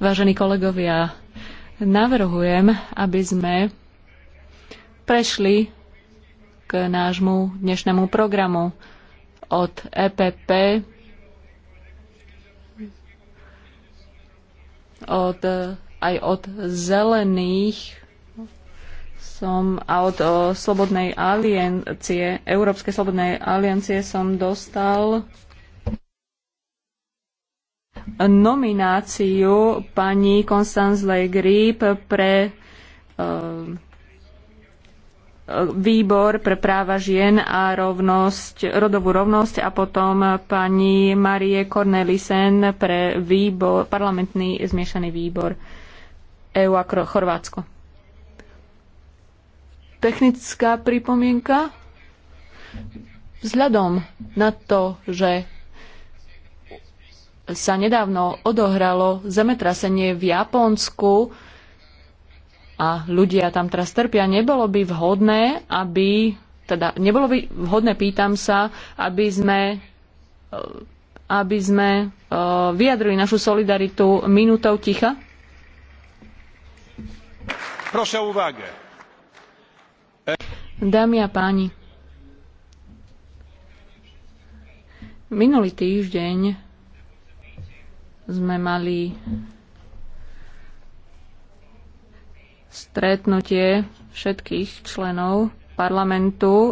Vážení kolegovia, navrhujem, aby sme prešli k nášmu dnešnému programu od EPP, od, aj od zelených som a od o, Slobodnej aliancie, Európskej Slobodnej aliancie som dostal nomináciu pani Constance Le Grip pre eh, výbor pre práva žien a rovnosť, rodovú rovnosť a potom pani Marie Cornelisen pre výbor, parlamentný zmiešaný výbor EU a Chorvátsko. Technická pripomienka? Vzhľadom na to, že sa nedávno odohralo zemetrasenie v Japonsku a ľudia tam teraz trpia, nebolo by vhodné, aby, teda nebolo by vhodné, pýtam sa, aby sme eh, aby sme eh, vyjadrili našu solidaritu minútou ticha? Proszę o E- Dámy a páni, minulý týždeň sme mali stretnutie všetkých členov parlamentu